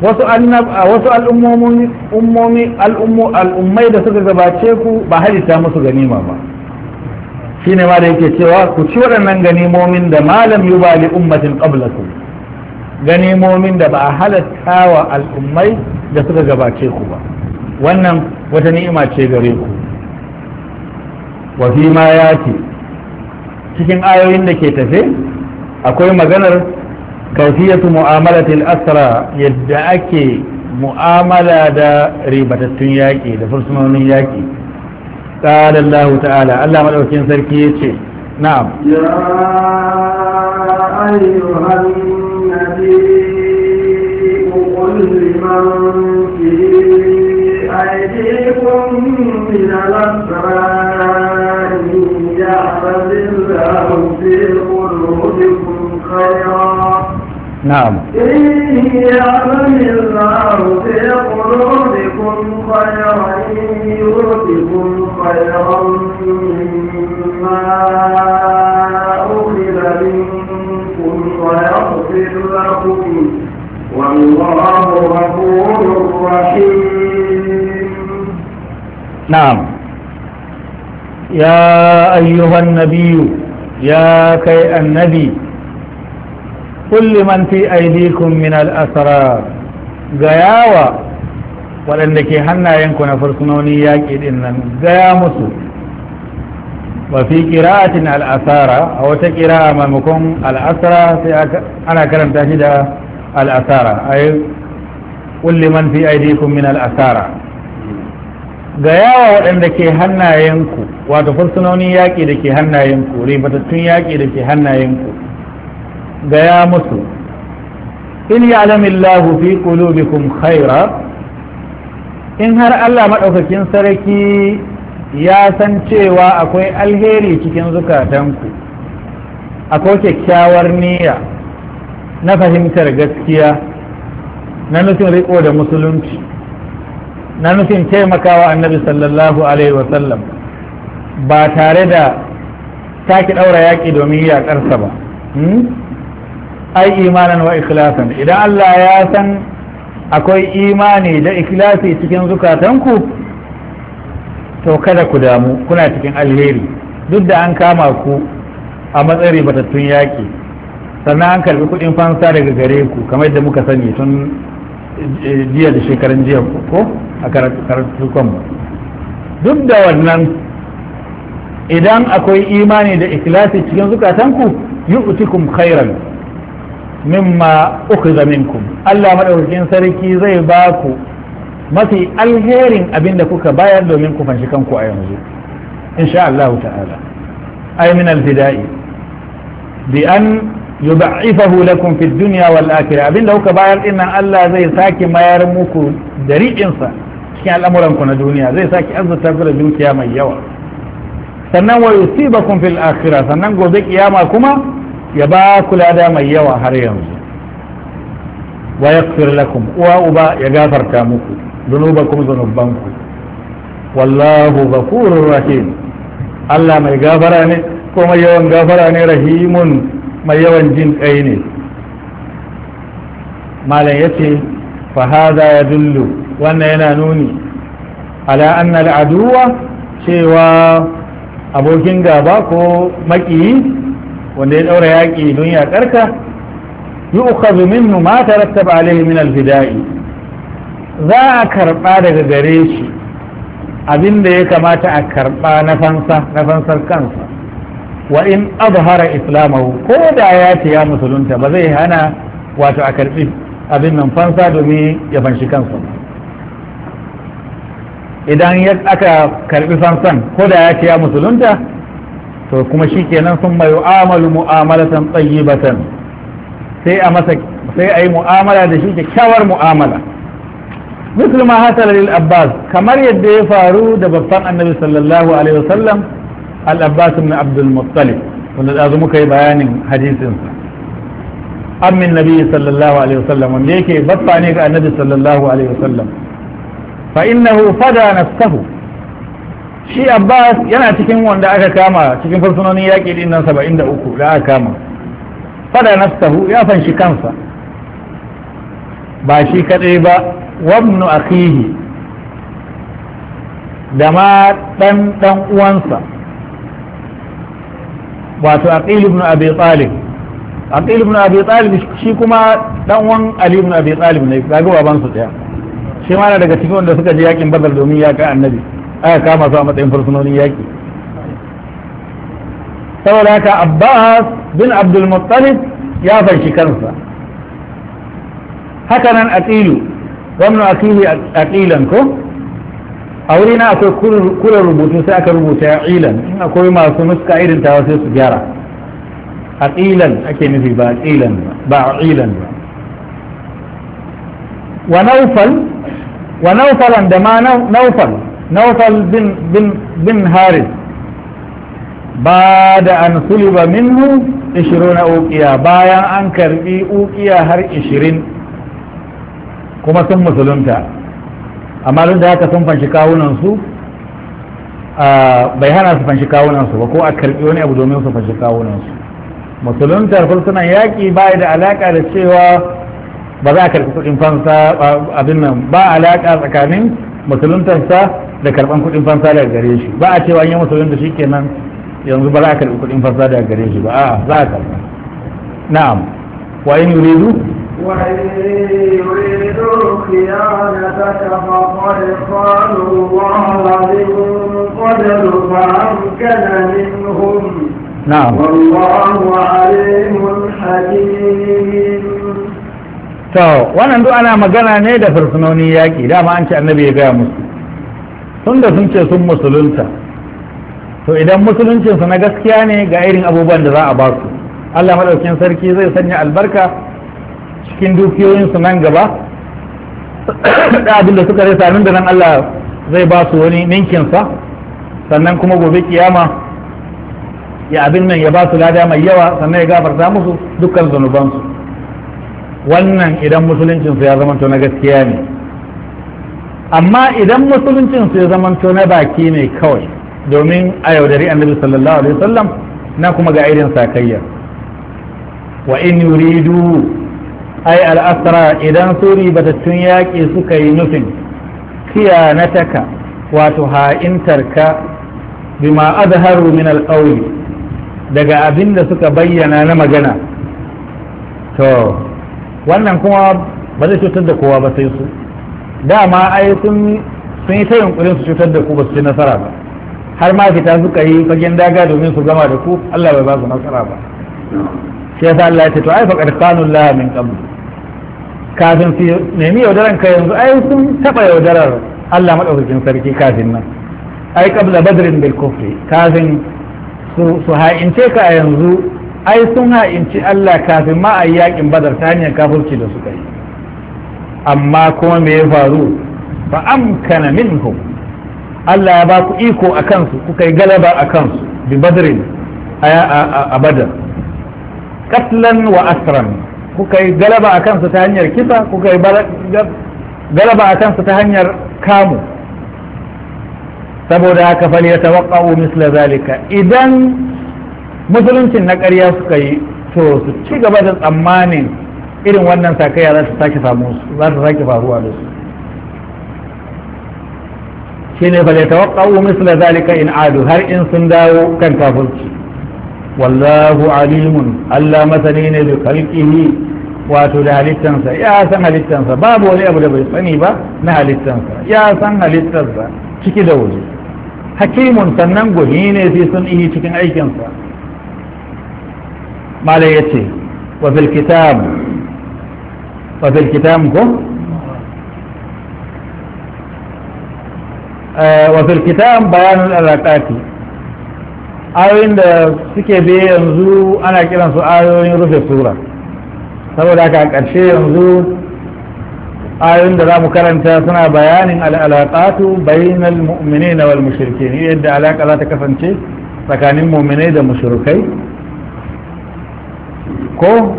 wasu annaba wasu al'ummomi al'ummai da suka gabace ku ba halitta musu ganima ba shine ma da yake cewa ku ci waɗannan ganimomin da malam yi ba ummatin qablakum ganimomin da ba a halatta wa al'ummai da suka gabace ku ba wannan wata ni'ima ce gare ku fi ma ya ce cikin ayoyin da ke tafe akwai maganar kaifiyatu mu'amalatil asra yadda ake mu'amala da ribatattun yaƙi da fursunonin yaƙi قال الله تعالى الله مدوكين سركي يتي نعم يا أيها النبي قل لمن في أيديكم من الأسرى إن يعبد الله في قلوبكم خيرا نعم الله في قلوبكم خيرا خيرا مما أخذ منكم ويغفر والله غفور رحيم نعم يا أيها النبي يا كي النبي kulli man fi aidikum min al-asra gayawa waɗanda ke hannayenku na fursunonin yaƙi ɗin nan gaya musu wa fi ƙira'atin al'asara a wata ƙira'a maimakon al'asara sai ana karanta shi da al'asara Ai yi kulli man fi aidikum min al'asara ga yawa waɗanda ke hannayenku wato fursunonin yaƙi da ke hannayenku ribatattun yaƙi da ke hannayenku gaya musu in ya ya'lamillahu fi qulubikum khaira in har Allah madaukakin sarki ya san cewa akwai alheri cikin zukatanku akwai kyakkyawar niyya na fahimtar gaskiya na nufin riko da musulunci na nufin taimakawa annabi sallallahu alaihi wasallam ba tare da take ɗaura yaƙi domin yaƙarsa ba hmm? ai imanan wa ikhlasan idan Allah ya san akwai imani da ikhlasi cikin zukatanku to kada ku damu kuna cikin alheri duk da an kama ku a matsayin batattun yaƙi sannan an karbi kuɗin fansa daga gare ku kamar yadda muka sani tun eh, jiya da shekarun jiya ko a karatukan mu duk da wannan idan akwai imani da ikhlasi cikin zukatanku yu'tikum khairan mimma uku minkum Allah madaukakin sarki zai ba ku mafi alherin abin da kuka bayar domin ku fanshi kanku a yanzu insha Allah ta'ala ay min alfida'i bi an yud'ifahu lakum fid dunya wal akhirah abin da kuka bayar din Allah zai saki mayar muku da cikin al'amuran ku na duniya zai saki azurta ku da dukiya mai yawa sannan wa yusibakum fil akhirah sannan gobe kiyama kuma ya ba ku lada mai yawa har yanzu wa yaghfir lakum uwa uba ya gafarta muku dhunubakum dhunubanku wallahu ghafurur rahim Allah mai gafara ne ko mai yawan gafara ne rahimun mai yawan jin kai ne malam yace fa ya yadullu wannan yana nuni ala anna al-aduwa cewa abokin gaba ko maƙiyi wanda ya daura yaƙi don ya karka yu'khadhu minhu ma tarattaba alayhi min al za a karɓa daga gare shi abin da ya kamata a karɓa na fansa na fansar kansa wa in azhara islamahu ko da ya ce ya musulunta ba zai hana wato a karɓi abin nan fansa domin ya fanshi kansa idan aka karɓi fansan ko da ya ce ya musulunta to kuma shikenan sun mai amalu mu'amalatan tayyibatan sai a masa sai a yi mu'amala da shi kyakkyawar mu'amala misal ma hasala lil abbas kamar yadda ya faru da babban annabi sallallahu alaihi wasallam al abbas ibn abdul muttalib wanda da muka yi bayanin hadisin Amin nabi sallallahu alaihi wasallam wanda yake babba ne ga annabi sallallahu alaihi wasallam fa innahu fada nafsahu shi abbas yana cikin wanda aka kama cikin fursunonin yaƙi din nan saba'in da uku da aka kama fada nafsahu ya fanshi kansa ba shi kaɗai ba wabnu akhihi da ma ɗan ɗan uwansa wato aqil ibn abi talib aqil ibn abi talib shi kuma ɗan uwan ali ibn abi talib ne kaga baban su daya shi ma daga cikin wanda suka je yakin badar domin ya ga annabi aka kama su a matsayin fursunonin yaƙi saboda haka abbas bin abdul muttalib ya farshi kansa haka nan aqilu wannan aqilu aqilan ko a wuri na akwai kuren rubutu sai aka rubuta ya aqilan in akwai masu nuska irin tawa sai su gyara A aqilan ake nufi ba a ba aqilan ba wa naufal wa naufalan da ma naufal نوفل بن, بن, بن هارس بعد أن سلب منه عشرون أوقيا بايا أنكر بي أوقيا هر عشرين كما ثم مسلمتا أما لن ذاك ثم فانشكاونا نصوف bai hana su fanshi kawunansu ba ko a karbi wani abu domin su fanshi kawunansu musuluntar fursunan yaƙi ba da alaƙa da cewa ba za a karbi kuɗin fansa abin nan ba alaƙa tsakanin musuluntarsa da karban kudin fansa daga gare shi ba a cewa yin musulun da shikenan yanzu ba za a karbi kudin fansa daga gare shi ba a za a karba na'am wa in yuridu wa in yuridu khiyanataka fa qad qalu wa min qablu fa kana minhum na'am wallahu alimul hakim to wannan duk ana magana ne da fursunonin yaƙi dama an ce annabi ya gaya musu tun da sun ce sun musulunta to idan musuluncinsu na gaskiya ne ga irin abubuwan da za a ba su Allah madaukin sarki zai sanya albarka cikin dukiyoyinsu nan gaba da abin da suka rasa nan da nan Allah zai ba su wani ninkinsa sannan kuma gobe kiyama ya abin nan ya ba su lada mai yawa sannan ya gafarta musu dukkan zunubansu wannan idan musuluncinsu ya zama to na gaskiya ne amma idan musuluncin su ya zamanto na baki ne kawai domin a yaudari annabi sallallahu alaihi wasallam na kuma ga irin sakayya wa in yuridu ai al'asra idan su batattun yaƙi suka yi nufin kiyanataka wato ha'intarka bima azharu min alqawli daga abin da suka bayyana na magana to wannan kuma ba zai cutar da kowa ba sai su dama ai sun sun yi ta yunkurin su cutar da ku ba su ci nasara ba har ma fita suka yi fagen daga domin su gama da ku Allah bai ba su nasara ba shi yasa Allah ya ce to ai faqad kanu Allah min qabl kafin su nemi yaudaran ka yanzu ai sun taba yaudarar Allah madaukakin sarki kafin nan ai qabla badrin bil kufri kafin su su ha'ince ka yanzu ai sun ha'inci Allah kafin ma a badar ta hanyar kafirci da suka yi amma kuma me ya faru fa amkana minhum Allah ya ba ku iko a kansu kuka yi galaba a kansu bi badrin a badar katlan wa asran kuka yi galaba a kansu ta hanyar kisa kuka yi galaba a kansu ta hanyar kamu saboda haka fal ya tawaqqa'u misla zalika idan musuluncin na ƙarya suka yi to su ci gaba da tsammanin irin wannan sakaya za su sake samu za su sake faruwa da su shine fa da tawaqqa'u misla zalika in adu har in sun dawo kan kafirci wallahu alimun Allah masani ne da kalkihi wato da halittansa ya san halittansa babu wani abu da bai sani ba na halittansa ya san halittansa ciki da waje hakimun sannan gwani ne sai sun yi cikin aikinsa malai ya ce wa fil wa fil kitam ko eh, kitam ayoyin da suke bi yanzu ana kiransu ayoyin rufe sura saboda haka ƙarshe yanzu ayoyin da za mu karanta suna bayanin al'alaƙatu bainal mu'mini na wal mushirki ne yadda alaƙa za ta kasance tsakanin mu'minai da mushrikai ko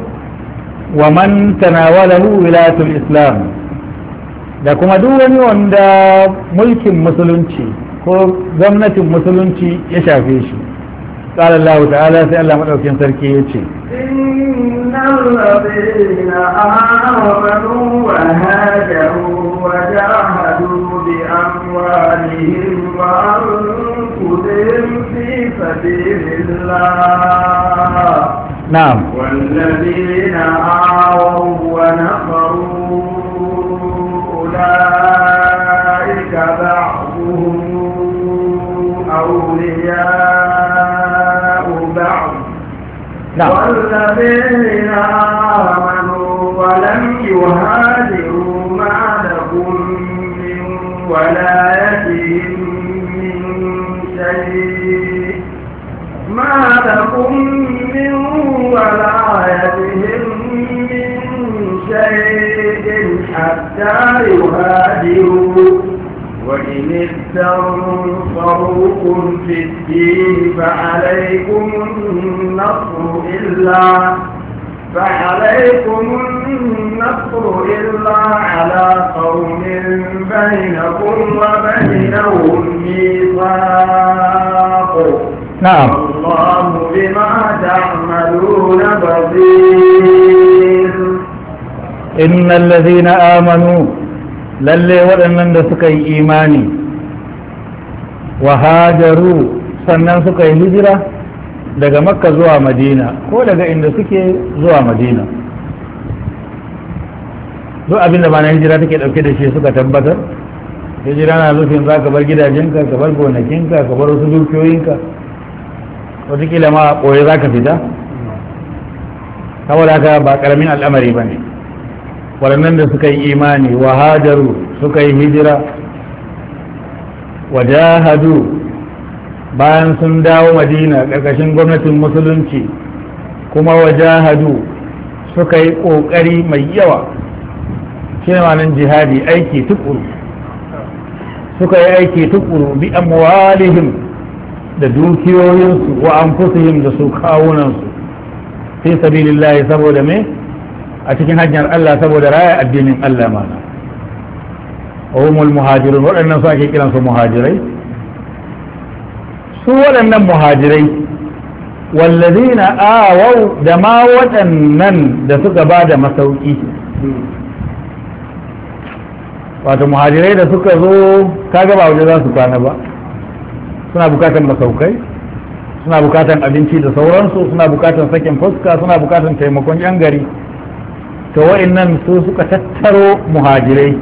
ومن تناوله ولاية الإسلام da kuma duk wani wanda mulkin musulunci ko gwamnatin musulunci ya shafe shi قال الله تعالى sai الله madaukakin sarki yace innal ladina amanu wa hajaru wa jahadu bi amwalihim wa نعم والذين آووا ونفروا أولئك بعضهم أولياء بعض نعم والذين آمنوا ولم يهاجروا الله بهم من شيء حتى يهاجروا وإن استنصروكم في الدين فعليكم النصر إلا فعليكم النصر إلا على قوم بينكم وبينهم ميثاق نعم الله بما تعملون بصير إن الذين آمنوا للي ولمن سكي إيماني وهاجروا sannan suka yi hijira daga makka zuwa madina ko daga inda suke zuwa madina duk abinda ba na hijira take dauke da shi suka tabbatar hijira na nufin za ka bar gidajenka ka bar gonakinka ka bar wasu dukiyoyinka wataƙila ma ɓoye za ka fita saboda haka ba ƙaramin al'amari ba ne waɗannan da suka yi imani wa hajaru suka yi hijira wa jahadu bayan sun dawo madina ƙarƙashin gwamnatin musulunci kuma wa jahadu suka yi ƙoƙari mai yawa shi nan jihadi aiki tukuru suka yi aiki tukuru bi amwalihim da dukiyoyinsu wa anfusihim da su kawunansu fi sabilillahi saboda me a cikin hanyar Allah saboda raya addinin Allah mana umul muhajirun waɗannan su ake kiransu muhajirai su waɗannan muhajirai wallazina awau da ma waɗannan da suka ba da masauki wato muhajirai da suka zo kaga ba waje za su kwana ba suna bukatan masaukai suna bukatan abinci da sauransu suna bukatan sakin fuska suna bukatan taimakon yan gari to wa'annan su suka tattaro muhajirai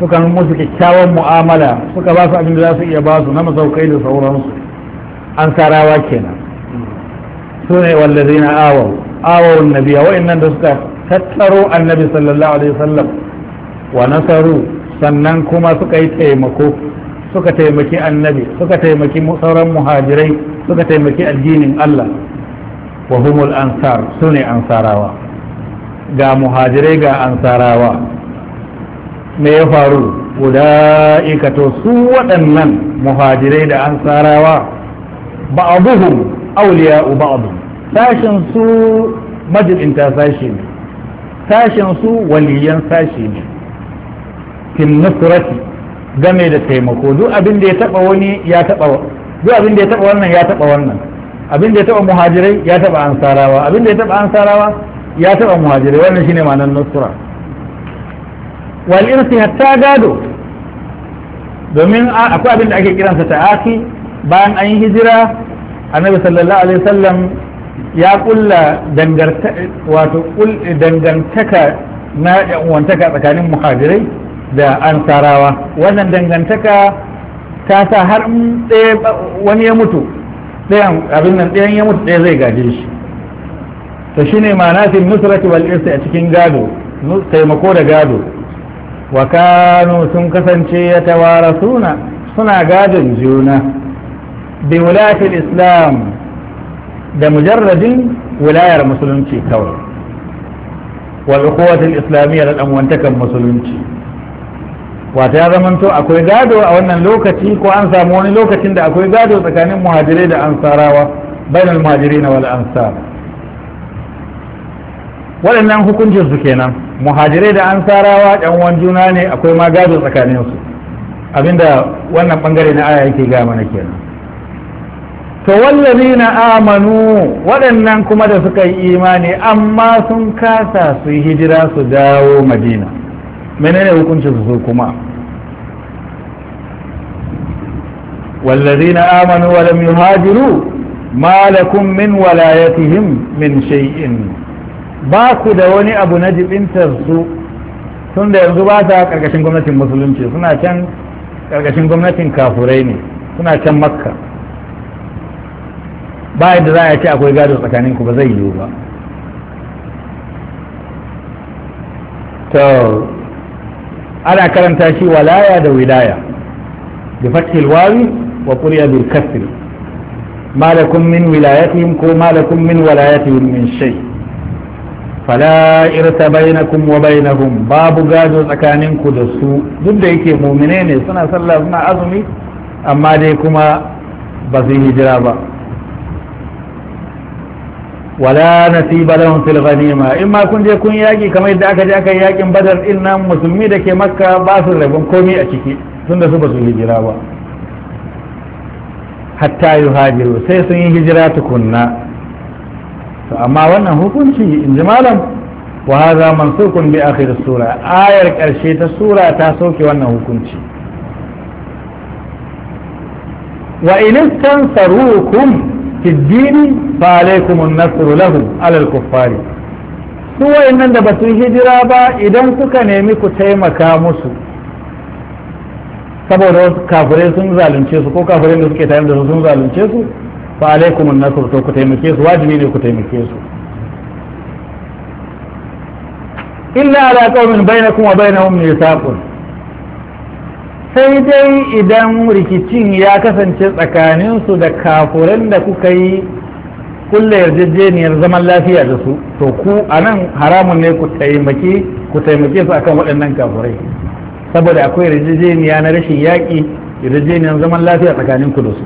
suka musu kyakkyawan mu'amala suka ba su abin da za su iya ba su na masaukai da sauransu an sarawa kenan su ne wallazi na na biya nabiya wa'annan da suka tattaro annabi sallallahu alaihi wasallam wa nasaru sannan kuma suka yi taimako suka taimaki annabi suka taimaki sauran muhajirai suka taimaki addinin Allah wa humul ansar su ne ansarawa ga muhajirai ga ansarawa me ya faru ula'ika ikato su waɗannan muhajirai da ansarawa ba'aduhum awliya'u ba'd Sashen su majibinta sashi ne sashen su waliyan sashi ne fin nusrati game da taimako duk abin da ya taba wani ya taba duk abin da ya taba wannan ya taba wannan abin da ya taba muhajirai ya taba ansarawa abin da ya taba ansarawa ya taba muhajirai wannan shine ma'anar nusra wal irsi hatta gado domin akwai abin da ake kiransa ta'aki bayan an yi hijira annabi sallallahu alaihi wasallam ya kulla dangantaka wato dangantaka na yan uwantaka tsakanin muhajirai da ansarawa wannan dangantaka ta sa har wani ya mutu ɗayan abin nan ɗayan ya mutu ɗaya zai gaje shi to shine ma'ana fil nusrati wal irsi a cikin gado taimako da gado wa kanu sun kasance ya tawara suna suna gadon juna bi wulatil islam da mujarradin wilayar musulunci kawai wal ukhuwatil islamiyya da musulunci wata ya zamanto akwai gado a wannan lokaci ko an samu wani lokacin da akwai gado tsakanin muhajirai da ansarawa bainal muhajirai na wal ansar waɗannan hukuncin su kenan muhajirai da ansarawa ɗan uwan juna ne akwai ma gado tsakanin su abinda wannan bangare na aya yake ga mana kenan to wallazi na amanu waɗannan kuma da suka yi imani amma sun kasa su yi hijira su dawo madina menene hukuncin su kuma والذين آمنوا ولم يهاجروا ما لكم من ولايتهم من شيء باكو da wani abu na jibintar su tun da yanzu ba ta karkashin gwamnatin musulunci suna can karkashin gwamnatin kafurai ne suna can makka ba yadda za a ce akwai gado tsakanin ku ba zai yiwu ba ana karanta shi walaya da wilaya bi fathil wawi wa quriya bil kasri ma min wilayatihim ko ma min walayatihim min shay fala irta bainakum wa bainahum babu gado tsakaninku da su duk da yake mu'mine ne suna sallah suna azumi amma dai kuma ba su hijira ba wala nasiba lahum fil ghanima in ma kun je kun yaki kamar yadda aka je aka yakin badar din nan musulmi da ke makka ba su rabon komai a ciki tunda su ba su hijira ba hatta hajiru sai sun yi hijira tukunna to amma wannan hukunci in ji malam wa hadha mansukun bi akhir sura ayar karshe ta sura ta sauke wannan hukunci wa in tansarukum fi dini fa alaikum an-nasr lahu ala al-kuffari su wayannan da basu hijira ba idan kuka nemi ku taimaka musu saboda kafirai sun zalunce su ko kafirai da suke tare da su sun zalunce su fa alaikum an-nasr to ku taimake su wajibi ne ku taimake su illa ala qaumin bainakum wa bainahum mithaqun sai dai idan rikicin ya kasance tsakaninsu da kafuran da kuka yi kulle yarjejeniyar zaman lafiya da su to ku a nan haramun ne ku taimake ku taimake su akan waɗannan kafurai saboda akwai yarjejeniya na rashin yaƙi yarjejeniyar zaman lafiya tsakanin ku da su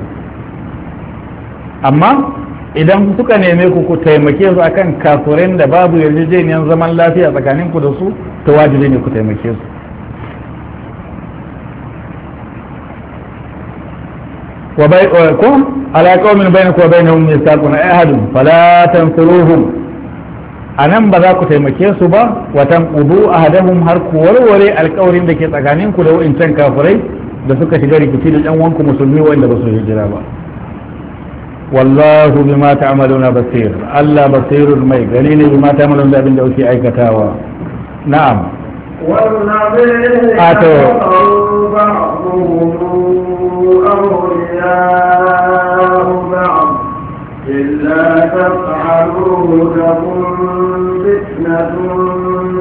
amma idan suka neme ku ku taimake su akan kafurai da babu yarjejeniyar zaman lafiya tsakanin ku da su to wajibi ne ku taimake su وبينكم على قوم بينكم وبينهم ميثاق عهد فلا تنصروهم anan ba za ku taimake su ba watan ubu ahadahum har ku warware alkawarin da ke tsakanin ku da wa'incan kafirai da suka shiga rikici da yan wanku musulmi wanda ba su hijira ba wallahu bima ta'maluna basir Allah mai gani ne bima ta'maluna da abin aikatawa na'am بعضهم أولياء أولياء بعض إلا تفعلوه تكن فتنة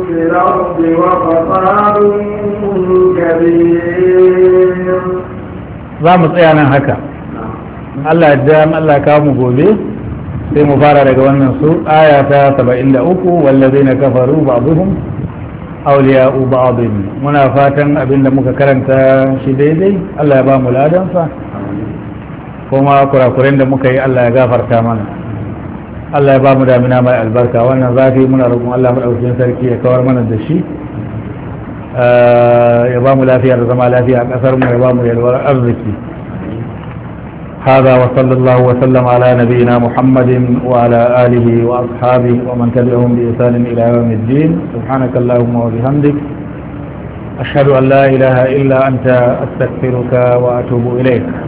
في الأرض وفساد كبير za mu tsaya nan haka Allah ya Allah ka mu gobe sai mu fara daga wannan su aya ta 73 wallazina kafaru ba'dhum awliya'u ba'dhin muna fatan abinda muka karanta shi daidai Allah ya ba mu ladansa kuma kurakuren da muka yi Allah ya gafarta mana Allah ya ba mu damina mai albarka wannan zafi muna roƙon Allah madaukakin sarki ya kawar mana da shi eh, ya ba mu lafiya da zama lafiya a ƙasar mu ya ba mu yalwar arziki هذا وصلى الله وسلم على نبينا محمد وعلى آله وأصحابه ومن تبعهم بإحسان إلى يوم الدين سبحانك اللهم وبحمدك أشهد أن لا إله إلا أنت أستغفرك وأتوب إليك